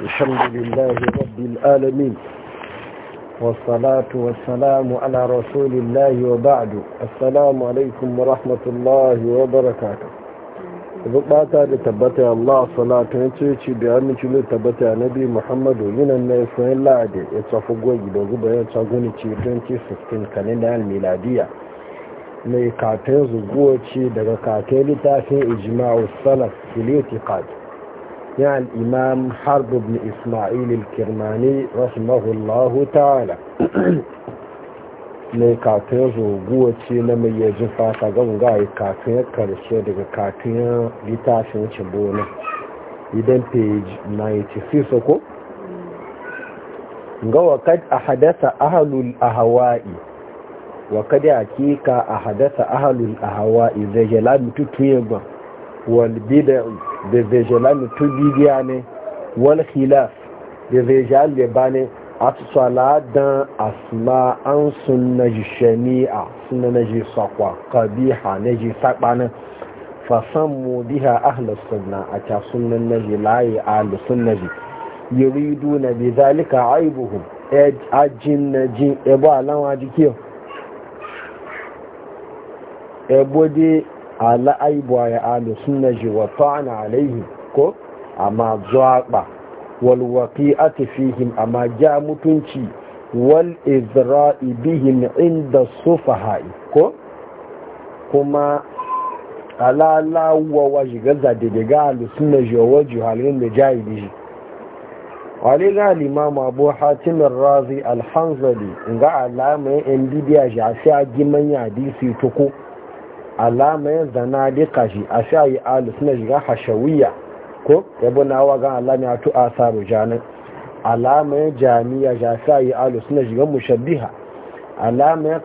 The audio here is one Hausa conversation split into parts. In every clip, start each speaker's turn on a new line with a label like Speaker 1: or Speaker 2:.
Speaker 1: الحمد لله رب العالمين والصلاة والسلام على رسول الله وبعد السلام عليكم ورحمة الله وبركاته zubata da tabbata Allah salatu ya ce ci da aminci da tabbata nabi Muhammadu yinan na Isra'il la'adi ya tafi gogi da guba ya tsaguni ci 2016 kalendar miladiya mai katon zuguwa ce daga katon littafin ijma'u salaf fil itiqad يعني الإمام حرب بن إسماعيل الكرماني رحمه الله تعالى ne kafin roguwa ce na mai ya jufa ta ganga ya katon ya karshe daga kafin ya littafin wuce bona idan page 96 ko ga wakad a hadasa ahalul ahawa'i wakad ya kika a hadasa ahalul ahawa'i zai jela mutu tuye ba wal bid'a da vejalan tu bidiya ne wal khilaf da vejal da bane atsala dan asma an sunna shami'a sunna naji sakwa qabiha naji sakbana fasammu biha ahlus sunna a ta sunnan naji layi ahlus sunnaji yuriduna bi zalika aibuhum e, ajin naji ebo alawa jikiyo ebo de ala aibuwa ya alu suna ji wa ta'ana alaihi ko amma zaɓa walwaƙi a tafihim amma ja mutunci wal izra'i bihim inda sufaha'i ko kuma alalawa wa shigarza gaza daga alu suna ji wa halin da jayi bishi wale ga limama abu hatimin razi alhanzali ga alamai yan bidiya shi a sai a giman yadisi tuku alamai zana dika shi a yi alu suna shiga hashawiyya ko yabo na wa gan Allah ne asa asaru janin alamai jami'a sha yi alu suna shiga mushabbiha alamai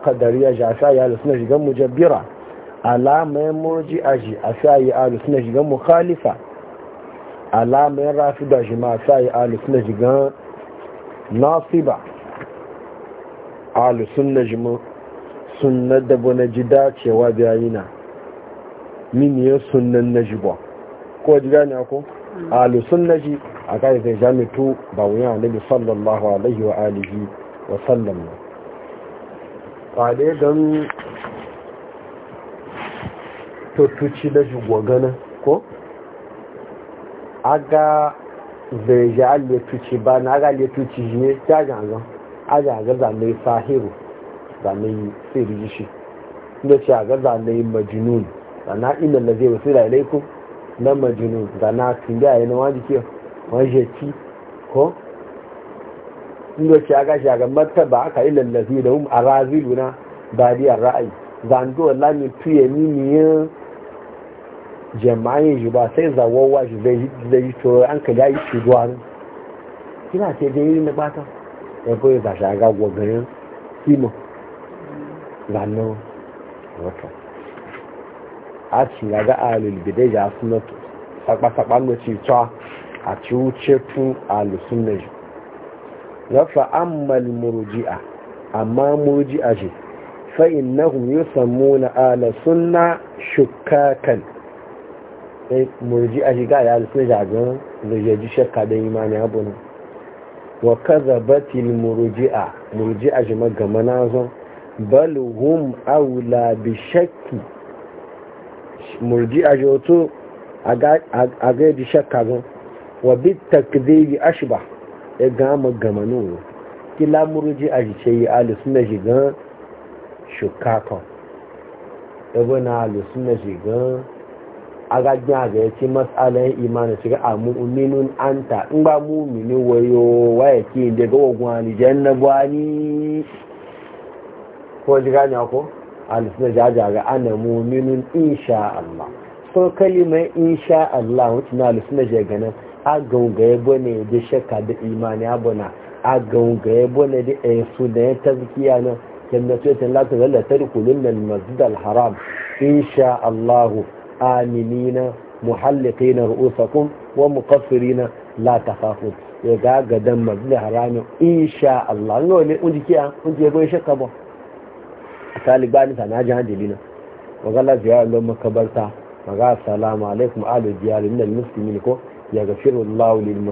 Speaker 1: ya sha yi alu suna shiga mujabbira alamai ya ji a shi a yi alu suna shiga mukhalifa alamai da shi ma yi alu suna shiga nasiba alu suna shiga sunna da bane ji dacewa na min ya sunnan na ji ba ko ji a ko mm. ahlu ji a kai zai jami'tu ba wuya bi sallallahu alaihi wa alihi wa sallam kwade don totuci da ji gwagana ko aga zai ji aliyatuci ba na aga aliyatuci ji ne ta jagan aga gaza mai sahiru zanayi sai riji shi inda ce a ga zanayi majinun zana ina da zai wasu lalaiku na majinun zana tun da yana wani ke wani ki ko inda ce a ga shi a ga ba aka ila da zai da hum a razilu na dariyar ra'ayi zango wala mi tuye ni niyan jama'in yi ba sai zawowa shi zai yi to an ka ya yi shi zuwa ne kina ce dai yi na bata ya koyi ba shi a ga gwagwarin simon ranar wata a ci na ga alulbidai ya suna sakpa-sakpa ngoci cewa a ci wuce tun alusun na ji mali muruji a amma muruji a ji fa'in na yi samu na alasun na shukakan e, muruji a shi ga ya alusun na jagen da ya ji shakka da imani abu na wa kazabatil muruji a shi magamana zon bal hum aula bi shakki murji'a joto a ga di shakka gan wa bi takdhibi ashba e ga ma gamanu kila murji'a ji ce yi ahli sunna ji gan shukaka ibn e ahli sunna ji gan agagbin aga ya ce matsalan e imanin e shiga a mu'minun anta in ba mu'mini wayo waya ke daga wagon alijan na bani ko ji gane ko alisuna jaja ga ana muminun insha Allah so kalimai insha Allah wuce na alisuna je ganin a ga yabo ne da shakka da imani abuna a ga yabo ne da su da ya tazkiya na kanda ce ta lati zalla rikulun nan masu haram insha Allah aminina muhalliqina ru'usakum wa muqaffirina la takhafun ya ga gadan masjid da haram insha Allah ne wani unjiya ko ya shakka ba misali ba ni sana jihar hanjali na magana ziyarar lon makabarta maga salamu alaikum alu diyar min al-muslimi ko ya gafiru Allah lil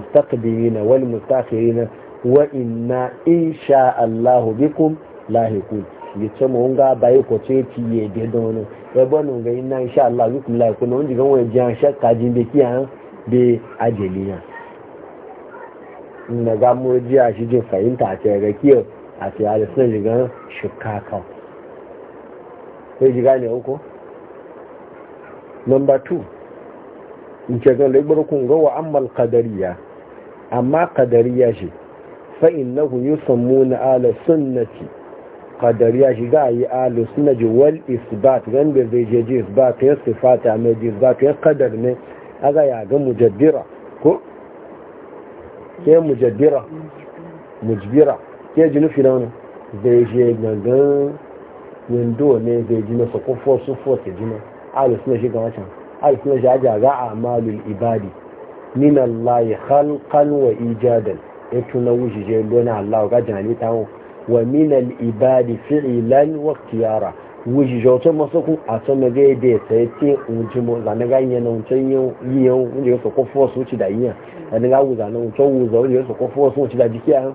Speaker 1: wani wal na wa inna insha Allah bikum ya ce mu nga bai ko ce ti ye de don e bonu ga inna insha Allah bikum Na on diga won jan shakka jin be kiyan be ajeliya na ga mu ji a shi jin fahimta a ce ga kiyo a ce a da sun shiga shukaka sai ji gane ko number 2 in ce zan laibar kun ga wa ammal qadariya amma kadariya shi fa’in na fa innahu yusammuna ala sunnati kadariya shi za a yi ala sunnati wal isbat wanda zai je ji isbat ya sifata mai ji isbat ya kadar ne aga ya ga mujaddira ko ke mujaddira mujbira ke ji nufi na wani zai je gangan window ne zai jina su ko su fo ta jina ala suna shiga wancan ala suna shi aja ga malul ibadi min Allah khalqan wa ijadan ya e tuna wuce je lona Allah ga jani ta wa minan ibadi fi'lan wa ikhtiyara wuce je to masu ku a san ga da sai na ganye nan can yau su su da ga wuza wuza su su da jikiya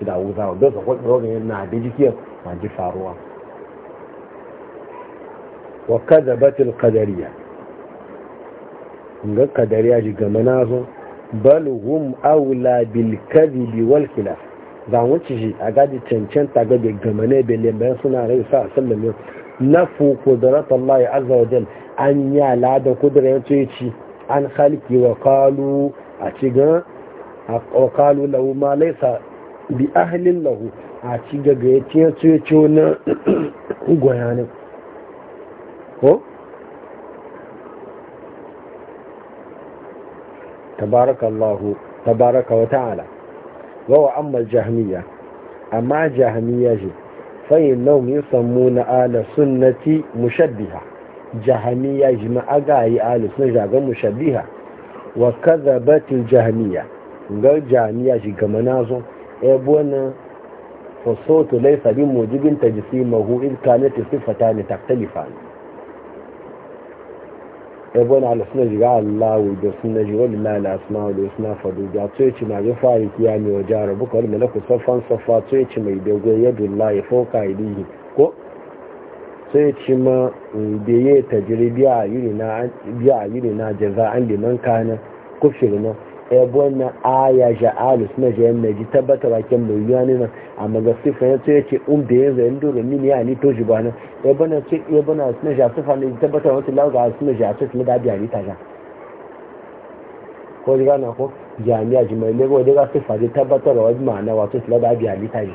Speaker 1: da wuza su na da jikiya ma ji wa kadhabatil qadariya inga kadariya ji ga manazo bal hum awla bil kadhibi wal khilaf da wuce shi a gadi cancanta ga gamane bele bayan suna rai sa sallam yau fu qudrat Allah azza wa jal an ya lada kudrar ce ci an khalqi wa qalu a ci ga wa qalu lahu ma laysa bi ahli lahu a ci ga ga yace ce ce na goyanin ko tabarakallahu tabaraka wa ta'ala wa amma jahmiya amma jahmiya ji fayin nau min sammu na ala sunnati mushabbiha jahmiya ji ma aga yi ala sun jaga mushabbiha wa kadhabatil jahmiya ga jahmiya ji gama nazo e bona fasoto laysa bi mujibin tajsimahu id kanat sifatani taktalifani ebon alisunan jira allahu da suna jira wani lala asma da suna fadu da to yace na ga fari kiya ne wa jara buka wani malaku saffan saffa to yace mai dogo yadu ya fauka ilihi ko to yace ma mm, da ya tajiri biya a ne na jaza an liman kana kufshirna E, ya yabo na aya ja'alu suna jayen mai ji tabbata bakin mai yiwuwa ne na a magasifa ya tsaye ce un da yanzu yin dole mini ya ni toshi ba na yabo e, na ce yabo e, na suna jasufa ne ji tabbata wata lauga suna jasufa na dabi a ni taja ko ji gana ko jami'a ji mai lego da ga sifa ji tabbatar wa ma'ana wato suna dabi a ni taja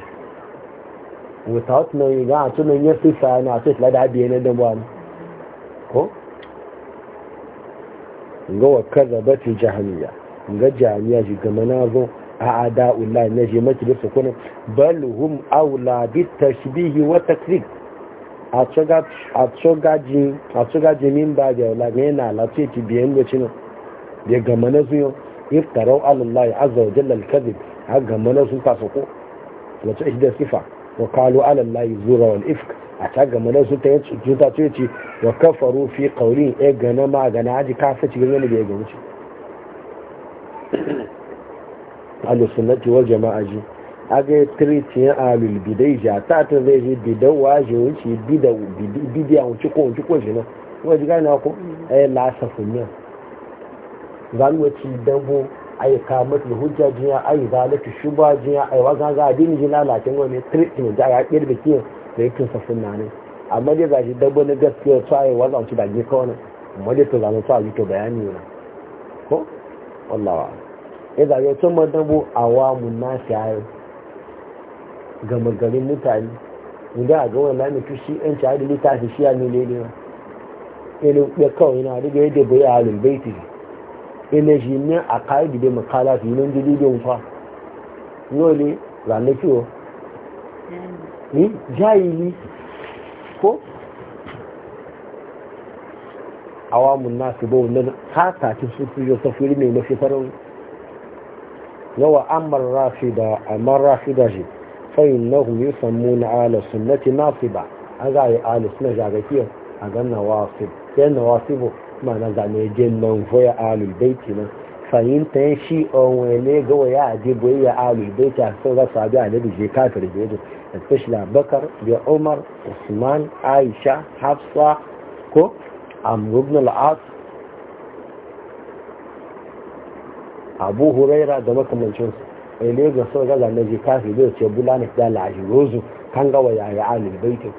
Speaker 1: without knowing na a tunan yin sifa na wato suna dabi a ni da ba ko ga wa kaza bati jahamiya ga jami'a shi gama na zo a ada na je maki da sukunan bal hum aula bi tashbihi wa takrib a tsogaji min ba da yau ne na lafiya ki biyan da cinan ya gama na zuyo iftarau alallahi azza wa jalla alkazib har gama na sun ta ko wato shi da sifa wa kalu alallahi zura wal ifk a ta gama na sun ta yi cuta ce wa kafaru fi kauri ya e gana ma gana aji kafa cikin yana da ya gama cikin alusunnati wal jama'a ji aga ya tiriti ya alul bidai a ta ta zai ji bidawa ji wunci bidiya wunci ko wunci ko shi na kuma ji gane ko mm. eh, a yi lasa funya zanuwaci dambo a yi kamar da hujja jiya a shuba jiya wa ji lalacin wani tiriti mai jaya ɗaya da kiyan da yakin sa sunna ne amma dai gashi na gaskiya su wa zanci da gefe wani amma dai to zanen su a yi to bayani ne ko wallawa ya zaɓe tun madabo a wamun na shayo gama garin mutane inda a ga wani lamitu shi yan shahadu littafi shi ya nile ne ilin ya kawai yana riga yadda bai a halin baiti ina shi ne a kayi da makala fi nan jiri don fa yole ranar kiwo jahili ko awamun nasu ba na hata ta sufi yau ta mai mafi farin yawa da a amar da shi fayin na hu yi sammu na ala sunnati nasu ba a za a yi ala suna jagakiyar a ganna wasu yan na wasu bu ma na zane jin nan foya alul baiti nan ta yin shi onwe ne gawa ya aje boye ya alul baiti a sauran sabi a nabi je kafir je especially abubakar da umar usman aisha hafsa ko amru ibn al-as abu huraira da makamancin su ai ne ga sau gaza na jikafi zai ce bulani da lahi rozu kan gawa yaya alil baitin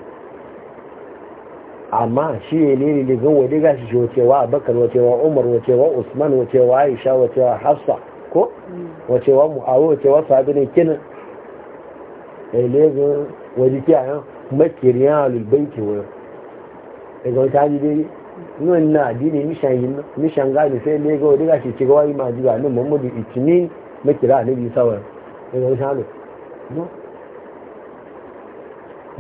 Speaker 1: amma shi ne ne ne gan wani gashi shi wacewa abakar wacewa umar wacewa usman wacewa aisha wacewa hafsa ko wacewa mu'awu wacewa sabi ne kinin ai ne ga wani kiyayen makiriyan alil baitin wani daga wata hajji daidai nun na addini mishan gani sai ne ga wani gashi ci gawa ima jiwa nan muhammadu itini makira a nabi sawar daga e wani shanu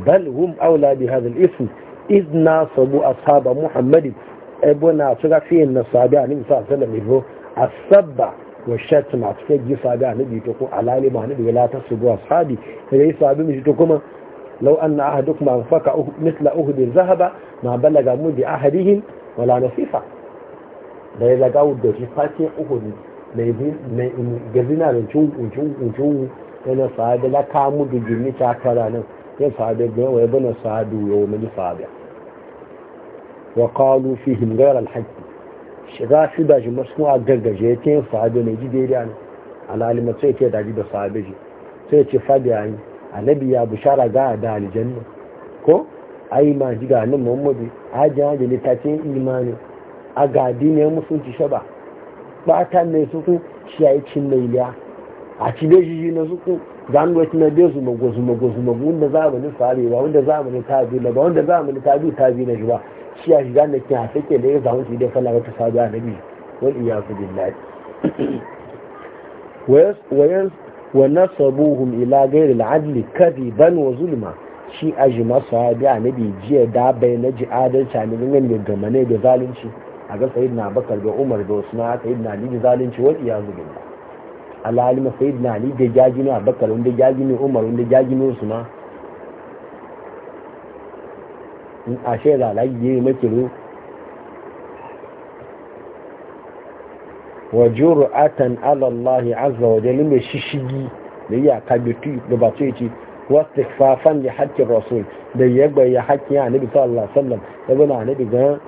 Speaker 1: bal hum aula bi hadal ism iz na sabu ashaba muhammadin ebo na suka fiye na sabi a sa sawar sallam ibo asabba wa shatma suka ji sabi a nabi to ko alali ma nabi wala ta subu ashabi daga e yi sabi mai to kuma لو أن أهدكم أنفق مثل أهد ذهب ما بلغ مد أهدهم ولا نصيفة da ya zaga da shi fashe uku ne gazina da cunku-cunku-cunku yana sa'adu la kamu da gini ta tara nan ya sa'adu ga yawa ya bana sa'adu ya wani sa'adu wa kalu fi himgar alhaki shiga shi da shi masu a gargaje ya sa'adu ji daidai ne da da sa'adu ji sai ce fadi yayi annabi ya bishara ga da aljanna ko ai ma ji ga nan muhammadu ajin ajin littafin imani a gadi ne musulunci shaba bata ne suku shi ya yi cin na iliya a ci da shi na suku zan wasu na bai su mago su mago su mago wanda zamanin ba wanda zamanin tabi na ba wanda za zamanin tabi tabi na shi ba shi ya shiga na kin hafe ke da ya zama su da fala wata sabuwa na biyu wani iya su billahi wa nasabuhum ila ghairi al-adli kadiban wa zulma shi aji masahabi annabi jiya da bai na ji adalci ne ganin da gamane da zalunci a ga sayyidina bakar da umar da usman sayyidina ali da zalunci wal iyazu billah alhalima sayyidina ali da jajini abakar wanda jajini umar wanda jajini usman a da alaji yayi makiro wa jur'atan ala Allah azza wa jalla mai shishigi da yi a kabitu da ba sai ce wastifafan li haqqi rasul da ya bayyana haƙƙin annabi sallallahu alaihi wasallam da bana annabi ga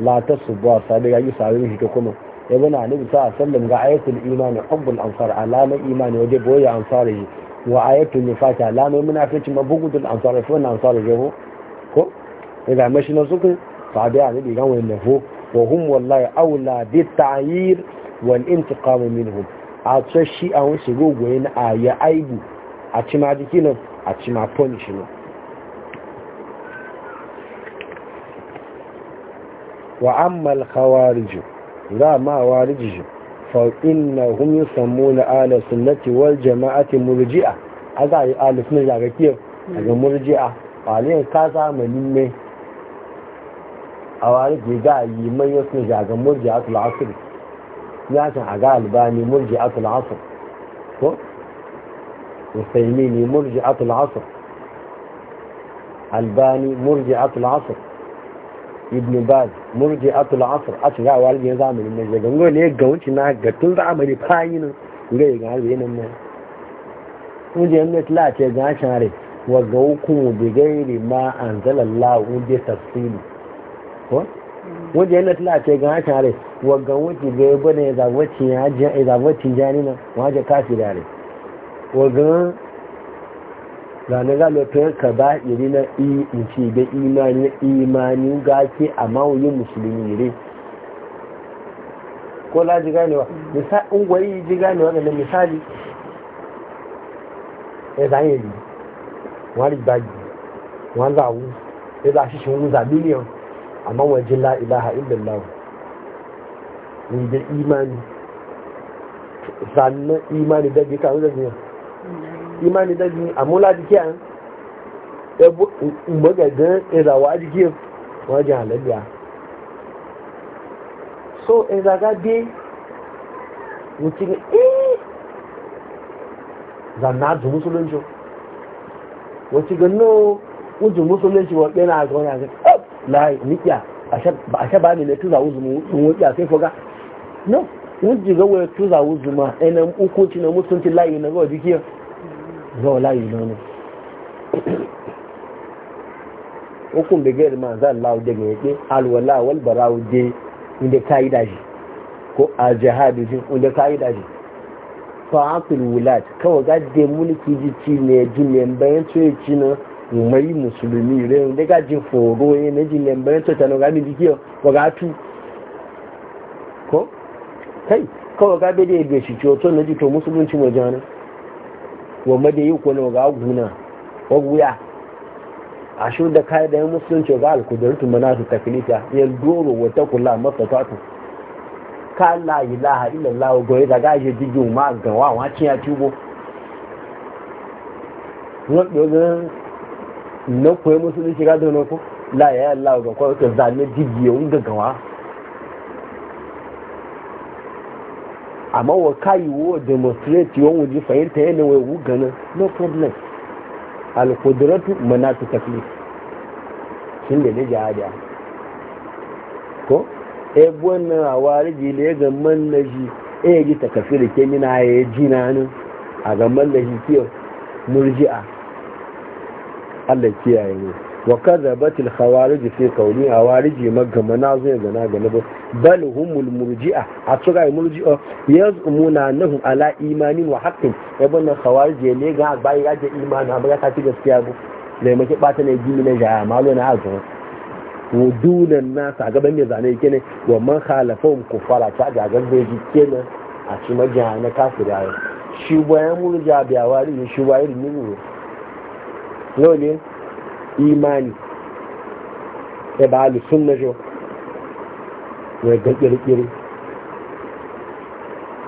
Speaker 1: la tasubwa sabi ga sa ne shi kuma ya a annabi sallallahu alaihi wasallam ga ayatul imani hubbul ansar alama imani waje boye yi wa ayatul nifaq alama munafiqi mabugudul ansar fa wannan ansar yi ko ga mashi na suku sabi annabi ga wannan ho wa hum wallahi aula bi ta'yir wal intiqamu minhum a tso shi a wani shigo na a ya aibu a ci ma jiki nan a ci ma punish nan wa ammal khawarij za ma warij fa innahum na ala sunnati wal jama'ati murji'a aza yi ala sunna daga kiyo daga murji'a aliyan ka zamanin ne a wani ga yi mai yasun daga murji'a tul asiri ya a ga albani murji atul asr ko usaimini murji atul asr albani murji atul asr ibn baz murji atul asr a cikin wa albiyan zamani na shiga ngo ne ga wuce na ga tun zamani fayinin ga yi ga albiyan nan muje yan net la ce ga share wa ga hukumu bi gairi ma an zalalla bi tafsili ko wanda yana tana ce ga haka rai wagga wuce ga ya gwada ya zabacin ya zabacin jani na wajen kafi da rai wagga ranar galopin ka ba iri na i inci ga imani imani ga ke a mawuyin musulmi ne ko la ji ganewa mm. misali ungwari ji ganewa da misali ya zanye ne wani gbagi wani zawu ya zashi shi wani zabi ne a wajen la ilaha illallah ne da imani sannan imani da bi kawo da biya imani da bi amma la jike an ebo magagan ezawa jike wajen halabiya so ezaga dai mutum ee zanna da musulunci wacce ganin ujin musulunci wa ɗaya na a zaune a la nikiya ba a shaba ne na tuza uzumu sun wukiya sai foga no wujji ga waya tuza uzuma ɗaya na hukunci na musulunci layi na gawa jikiyar zawa layi na ne hukun da gayar ma za Allah da ga yake alwala wal barawo de inda kayi daji ko a jihadi jin inda kayi daji fa'atul wulat kawai ga de mulki ji ci ne jin ne bayan ci na mai musulmi re da ga ji foro ne na ji lembayin to tano ga mi dikiyo wa ga tu ko kai kawai ga bai da ya shi ciwo to na ji to musulunci waje ne wa ma da yi ko na ga guna wa guya a shi da kai da musulunci ga kudurtu mana su taklita ya doro wata kula masa tatu ka la ilaha illallah goyi da ga je digin ma ga wa wa ciya tubo wọ́n pẹ̀lú na koyi musulunci shiga da nufin la ya Allah ga kwaya wata zane digiye un gaggawa amma wa kayi wo demonstrate yon wuji fahimta yana wai wugana no problem al mana manatu tafi shi ne ne jihadiya ko e a wari le ga man naji e ji da ke mina ya ji nan a ga man naji kiyo murji'a Allah kiyaye ne wa kadhabatil khawarij fi qawli awarij magama na zai ga ga ba bal humul murji'a a tsura murji'a oh, yazumuna annahum ala imanin wa haqqin yabana khawarij ne ga bai ya da imani amma ka ci gaskiya go ne muke bata ne gimi na ja malo na azu wudunan nasa gaban me zane yake ne wa man khalafum kufara ta ga ji kenan a cikin majiya na kafira shi bayan murja biya wari shi bayan nuru yau ne imani ya ba alu sun na jo ga kirkiri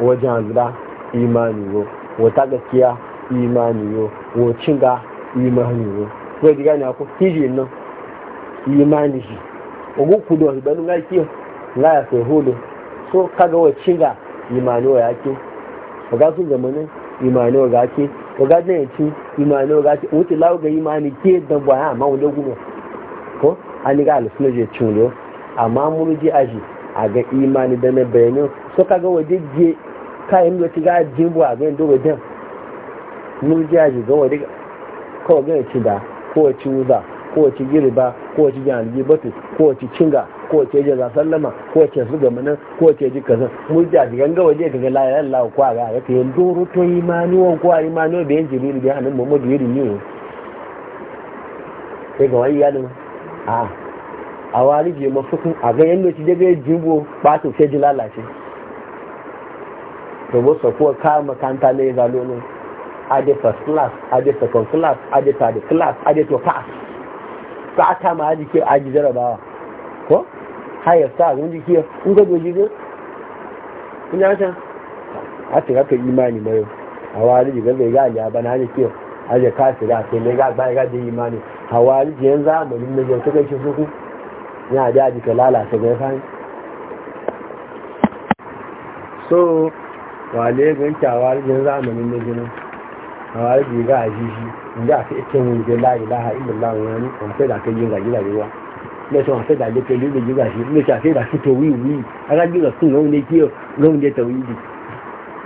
Speaker 1: wajen hanzura imani yo wata gaskiya imani yo wacin ga imani yo wai ji ne ako hiji nan imani shi ogun kudu wasu banu ngai laya sai hulu so kaga wacin ga imani wa yake ga su zamanin imani wa ga ake oga na yace imani oga ce wuce lawo ga imani ke da baya ma wanda gumo ko an ga alsuna je cinlo amma mun je aji a ga imani da na bayani so kaga waje je kayan da tiga jimbo a ga ndo wajen mun je aji ga waje kawai ga ci da ko ci uza kowace girba kowace jin algibatu kowace cinga kowace jin sallama kowace su ga manan kowace ji kasan murja ji ganga waje ka ga layar Allah ko a ga ya kai doro to imanuwan ko ma imanuwa da yan jibril da hanan Muhammadu yiri ne sai ga wani yadin a a wari je mafukun a ga yanda ci daga jibo ba ta sai ji lalace to bo sa ko ka makanta ne zalo ne a de first class a de second class a de third class a de to pass sata ma aji ke aji jarabawa ko hayar sa abin jiki in ga doji ga in ya ta a ce kaka imani mai hawari ji gaza ga ya bana ne ke aje kasi da ke ne ga bai ga da imani hawari ji yanzu zamanin na yau suka shi suku ya da aji ka lalata ga fani so wale gantawa zamanin na jinin hawari ji ga aji shi nga fi ike mu je la ilaha illallah wa ni on da ke yin ga yin wa le so on da le ke lu yin ga shi le da su to wi wi aga ji ga sun lo ne ki lo ne to wi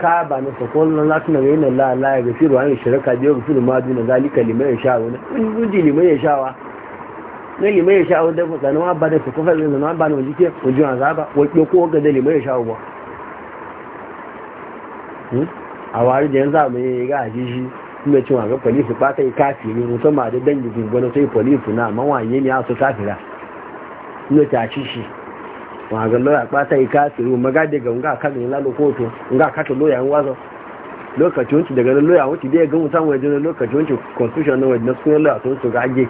Speaker 1: ka ba ne so ko la tun ne la la ga fi ruwan shirka je ga fi ma dun zalika liman yasha wa in ji liman yasha wa ne liman yasha wa da na ba da su ko da na ba ne ji ke ko ji azaba ko ko ga da liman yasha wa a wari da yanzu mai ga ajiji kuma wa ga polisi ba ta yi kafi ne musamman da dangi gungunan sai polisi na mawanye ne su kafira ina tashi shi wa ga lawyer ba ta yi kafi ne maga daga nga ka ga lalo koto nga ka to lawyer wazo Lokaci, wuce daga nan lawyer wuce da ga mutan waje na lokacin wuce constitution na waje na sunan lawyer sun su ga age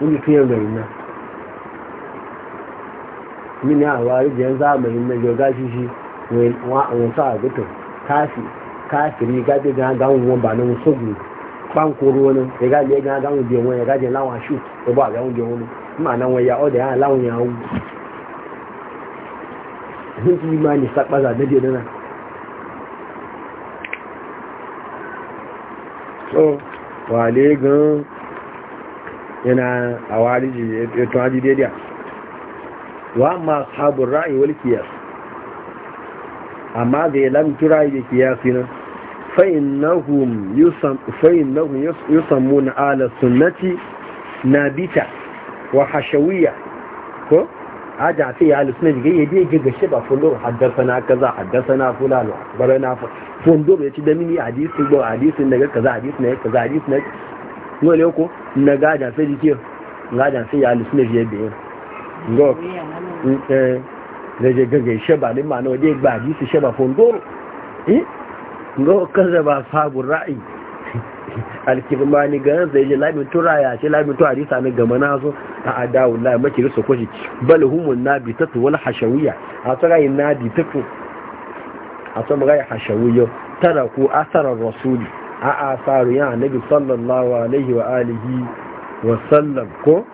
Speaker 1: mun tuye ga ina min ya wari da zamani na yoga shi shi wa wa sa gutu kafi ga gájẹ́ gan gáwọn wọn bà náà sógun pánkoro na ya gájẹ́ gan gáwọn di wọn ya gájẹ́ láwọn aṣù ẹbọ àgáwọn di wọn mà na wọn ya ọdẹ hàn láwọn yàn áwù ẹni tí yìí máa ní sápázà dédé náà so wà lé gan yana àwọn àríjì ètò àjí dédé Wa amma da ya lamtura da kiyasi nan fa'innahun yusammu na ala sunnati na bita wa hashawiya ko aji a fiye ala sunnati gaya biya giga shi ba fundoro haddasa na kaza haddasa na fulano bare na fundoro ya ci da mini hadisi ba hadisi na kaza hadisi na kaza hadisi na kaza wani yako na gaja sai ji ke gaja sai ya ala sunnati ya biya ngok eh da je gaga ba ne ma na wadai ba ga kaza ba fagun ra'ayi alkirmani ga zai je labin tura ya ce labin tura hadisa ne gama na so a adawun labin maki risa kwashe bal humun na bi tattu wani hashawiya a tsara yi na bi tattu a tsara magana hashawiya tana ko asarar rasuli a asaru ya annabi sallallahu alaihi wa alihi wa sallam ko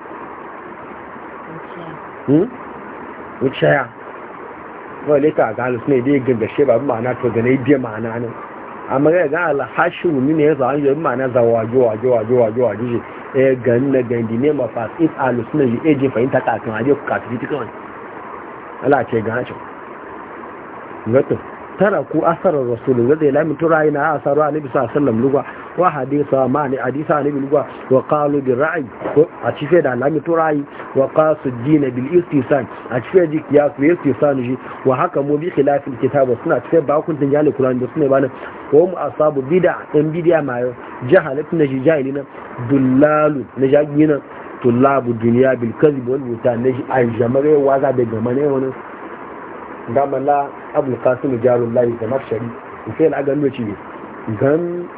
Speaker 1: wuciya hmm? wale ta ga halus ne dai gangashe ba ma'ana to ga na yi biya ma'ana nan amma ga ga alhashu min ya za yi ma'ana za waje waje waje waje waje e gan na gandi ne ma fas it alusna yi eje fahimta ka kan aje ku ce gato tara ku asarar rasulun zai lamin tura yana a asaru a nabi sallam lugwa wa hadisa ma ne hadisa nabi lugwa wa qalu bi ra'i a cife da lamin tura yi wa qasu dina bil istisan a cife ji kiyasu ya istisan ji wa haka mu bi kitab wa suna cife ba kun tinjali qur'an kuran da suna bana wa mu asabu bid'a dan bid'a ma jahalatin na jahilina dullalu na jahilina tullabu duniya bil kadhib wal butan na ajamare waza da gamane wani gamala abul jarun layi da nafshari sai na gano ci gan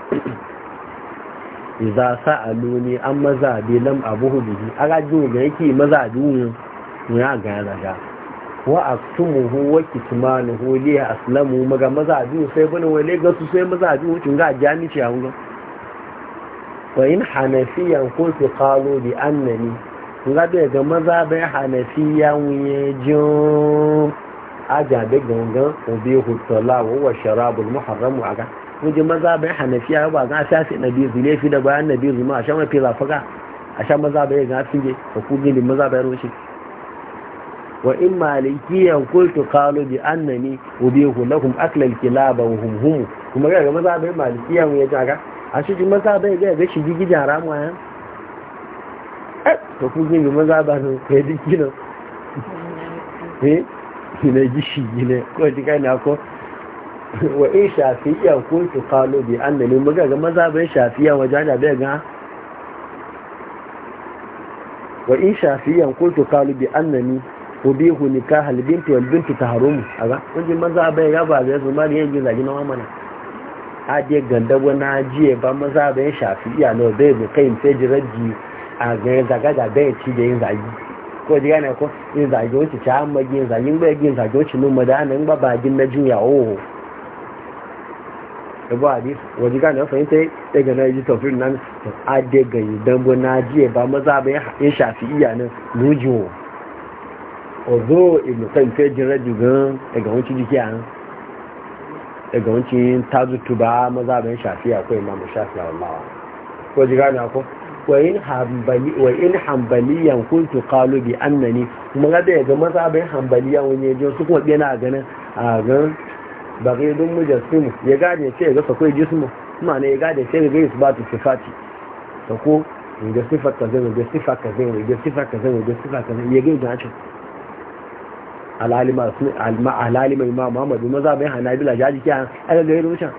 Speaker 1: za sa aluni an maza bi lam abuhu A aga jin da yake maza duniya mu ya ga ga wa hu wa kitmanuhu li aslamu maga maza duniya sai bane wale ga su sai maza duniya tun ga jami ci hawo wa in hanafiyan ko su qalu bi annani kun ga ga maza bai hanafiyan wuye jin aja da gangan obe hutala wa wa sharabul muharram wa ga kuje maza bai hanafiya ba ga ta sai nabi fi da bayan nabi zuma a shan mafi zafaga a shan maza bai ga finge ko kuje ne maza bai roshi wa in malikiyan kultu qalu bi annani ubihu lakum aklal kilaba wa hum hum kuma ga maza bai malikiyan ya ga a shi maza bai ga ga shi gigijin haramu ayan eh to kuje ne maza ba ne kai dikinan eh méjì gine ko ji kana ko wa in shafi'iyya ko su kalo bi an nemi ne ga maza bai shafi'iyya wajen da bai ga wa in shafi'iyya ko su kalo bi an da ni ka nikah albinti wal binti tahrumu aga kun maza bai ga ba zai su ma ne yin zagi na mamana a je ganda wani jiya ba maza bai shafi'iyya no bai bi kai sai jiraji a ga zaga da bai ci da yin zagi ko ji gane ko in zage wuce ci an magi zagin ba yagin zage wuce nun madana in ba bagin na juya o da ba hadis wa ji gane fahimta daga na ji tafiyar nan a daga yi dambo na jiya ba maza ba ya shafi iya nan ozo ibn kan fe jin gan daga jiki an daga maza ba ya shafi akwai imamu shafi Allah ko ji gane ko wa in hambaliyan kuntu kalu bi annani kuma ga daga maza bai hambaliyan wani yaji su kuma ɗina ganin a gan don mujassim ya gane ce ya ga kai jismu kuma ne ya gane ce ga su ba ta ko sako ga sifa zai ga sifa zai ga sifa zai ga sifa zai ya gai da shi alalima ma alma maza bai hanabila jaji kiyan aka ga rubuta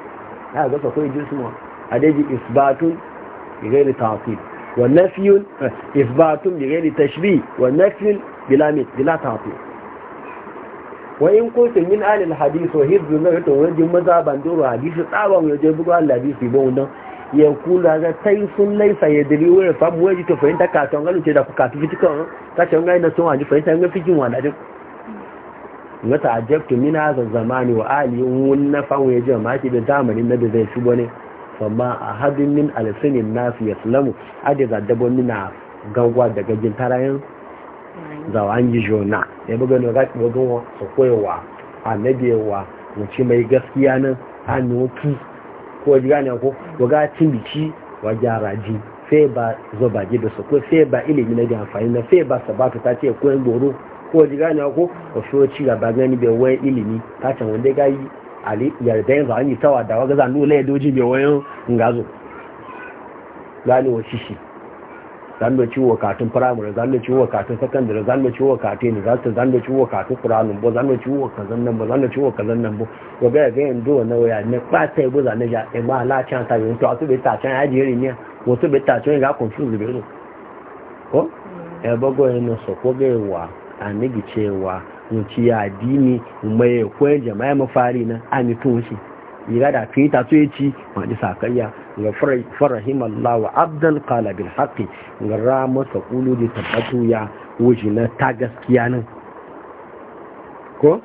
Speaker 1: aka ga kai jismu a daji isbatun غير تعطيل wa nafiyun isbatun bi ghairi tashbih wa nafiyun bila mit bila in kuntum min ahli alhadith wa hizbu na to wajin maza banduru hadisi tsaban yaje bugu alhadisi ba wannan ya kula ga sai sun laifa ya diri wa fa mu waji to fahimta ce da ku ka tu fitikan ka ce ngai na sun waji fahimta ngai fikin wa da ngata ajabtu zamani wa ali wunna fa wa yaje ma ki da zamanin da zai shi bane fama a hadin min alfinin nasu ya sulamu adiza dabo mina gangwa daga gintarayen an yi jona ya buga na gaɗi wagon su koyawa annabiyawa mace mai gaskiya nan hannuki ko ji gane ko waga cin biki wa gyara ji sai ba zo ba da su ko sai ba ilimi na da amfani na sai ba sabata ta ce koyan goro ko ji gane ko wasu ci gaba gani bai wani ilimi ta can wanda ga yi ali yarda yin an yi tawa da waga zanu la doji mai wayan ngazo gani wa shishi zan da ciwo katun primary zan da ciwo katun secondary zan da ciwo katun university zan da ciwo katun qur'anin bo zan da ciwo kazan nan bo zan da ciwo kazan nan bo wa ga ga yanzu na waya ne ba sai bo zan ja e ma la chan ta yin to asu be ta chan ya jere ne wato be ta chan ga confuse be ko mm. e eh, bago eno so ko ge wa ani gi che wa ci ya dini mai koyan jama'a mafari na amitun shi ira da kai ta tsoye ci ji sakayya ga farahim Allah wa abdan qala bil haqqi ga masa Kulu da tabbatu ya wuji na ta gaskiya nan ko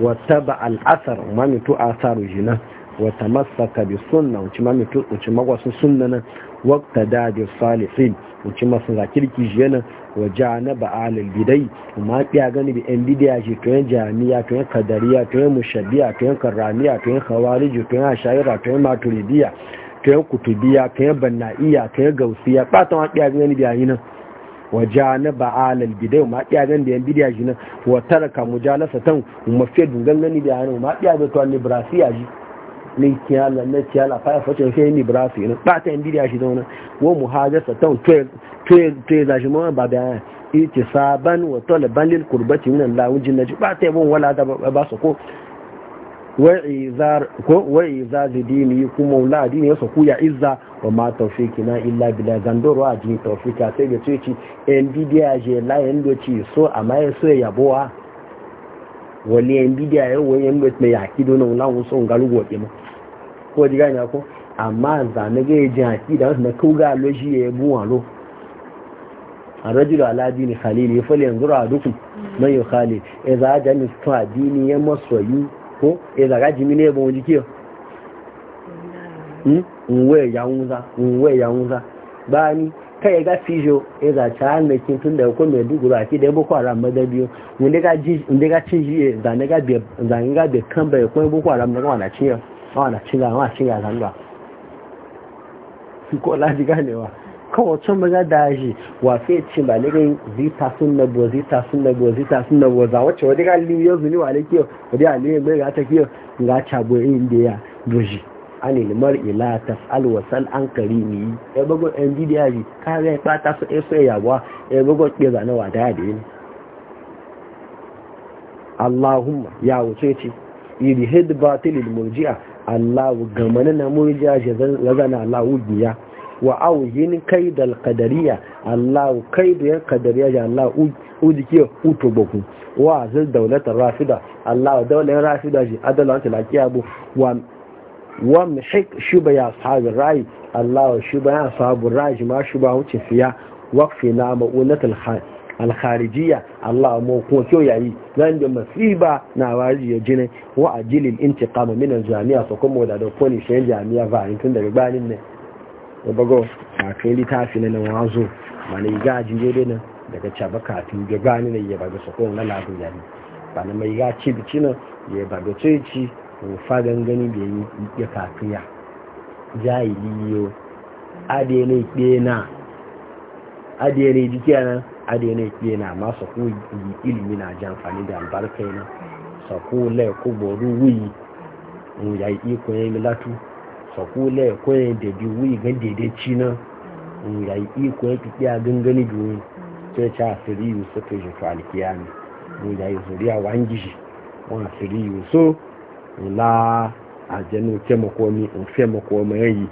Speaker 1: Wa wataba al'asar mamitu asaru jina wata tamassaka bi sunna wuce mamitu wuce magwasu sunna nan wakta da bi salihin wuce masu zakir kirki wa ja na ba'alil bidai ma fiya gani da yan bidiya shi to yan jami'a to yan kadariya to yan mushabbiya to yan karamiya, to yan khawariji to yan ashaira to yan maturidiya to yan kutubiya to yan banna'iya to yan gausiya fatan ma fiya gani da yi nan wa ja na ba'alil bidai ma fiya gani da yan bidiya shi nan wa taraka mujalasa tan ma dungan gani da yi ma fiya da to liberasiya ji Ni kiyala na kiyala fa fata sai ni brafi ne ba ta indiriya shi zauna wa muhajasa ta to to da shi ma ba da ittisaban wa talaban lil qurbati min Allah wajin naji ba ta yabon wala da ba su ko wa izar ko wa izar dini kuma wala dini yasa ku ya izza wa ma tawfiki na illa billah zandoro a jini tawfika sai ga tuci indiriya je la yando ci so ya yaso yabowa wali indiriya yau wayan mai yaki don nan lawun so ngalugo kima ko ji gane ko amma zane ga yi jin haƙi da wasu na kuga loshi ya yi buwa lo a rajulu aladi ne khalili ya fali yanzu ra dukun na yi khali ya za a jami su tuwa dini ya yi. ko ya za a gaji ne ya bon jikiyo hmm? nwe ya nwuza nwe ya nwuza ba ni kai ga fijo ya za ci hannun kin tun da hukumar duguru a ki da ya boko haram madar biyu wanda ga cin shi zane ga bai kan bai kuma boko haram na gama na ciyar ma na ciga ma ciga zanga ko laji ganewa kawo can maza da shi wafe ce ba lirin zita sun na buwa zita sun na buwa zita sun na buwa za wacce wadda ga liyu yanzu ni wale kiyo wadda ga liyu mai ga ta kiyo ga cabo in da ya doji an ilmar ila ta alwasal an kari ni e ya bago yan ji ka ga e e ya fata su ya so ya gwa ya bago ke zane wa da ya da yi Allahumma ya wuce ce yidhid batilil murjiya Allah gamani na murjiya shi zana Allah ugiya wa auhin kai da alkadariya Allah kai da yan kadariya shi Allah ujike hutu boku wa zil daulatar rafida Allah daular rafida shi adalan tilakiya bu wa wa mihik shuba ya sahabi rai Allah shuba ya sahabi rai ma shuba wuce fiya wakfi na ma'unatul hajj alkharijiya Allah mu ko kyo yayi zan da masiba na wari ya jine wa ajilil intiqam min aljami'a so kuma da da koni shen jami'a ba in tun daga banin ne da bago a kai litafi na wazo mana ga jinje dai nan daga caba kafin ga gani ne ya baga sokon na labu yayi ba na mai ga ci bici nan ya baga ceci ko fagan gani da yi ya kafiya jahiliyo adene dena adene dikiya na. ade ne ekpe na ma so ko yi ilimi na ji amfani da albarka yana so le ko wuyi mu ya yi ko yin e milatu so le ko yin e da wuyi ga dede ci na mu ya yi e yin gangani duwi sai siri yusuf to mu ya yi zuriya wa siri la mi in mai yi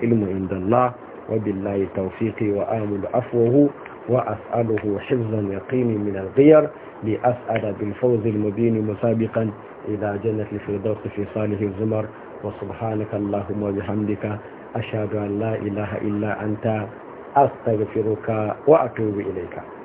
Speaker 1: ilmu inda wa billahi tawfiqi wa amul afwahu وأسأله حفظ اليقين من الغير لأسأل بالفوز المبين مسابقا إلى جنة الفردوس في صالح الزمر وسبحانك اللهم وبحمدك أشهد أن لا إله إلا أنت أستغفرك وأتوب إليك